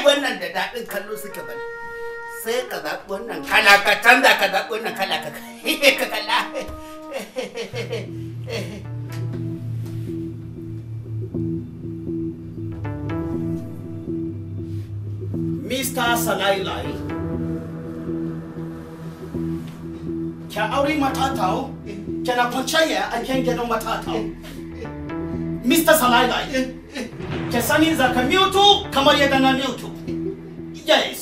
ai wannan da daɗin kallo suke bane sai ka zaɓi wannan kala ka canza ka zaɓi wannan Mr. Salai aure matatau, na kwanciya kyan gidan matatau. Mr. sani mutu kamar yadda na mutu. E é isso?